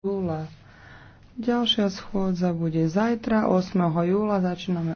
júla. Ďalšia schôdza bude zajtra 8. júla, začíname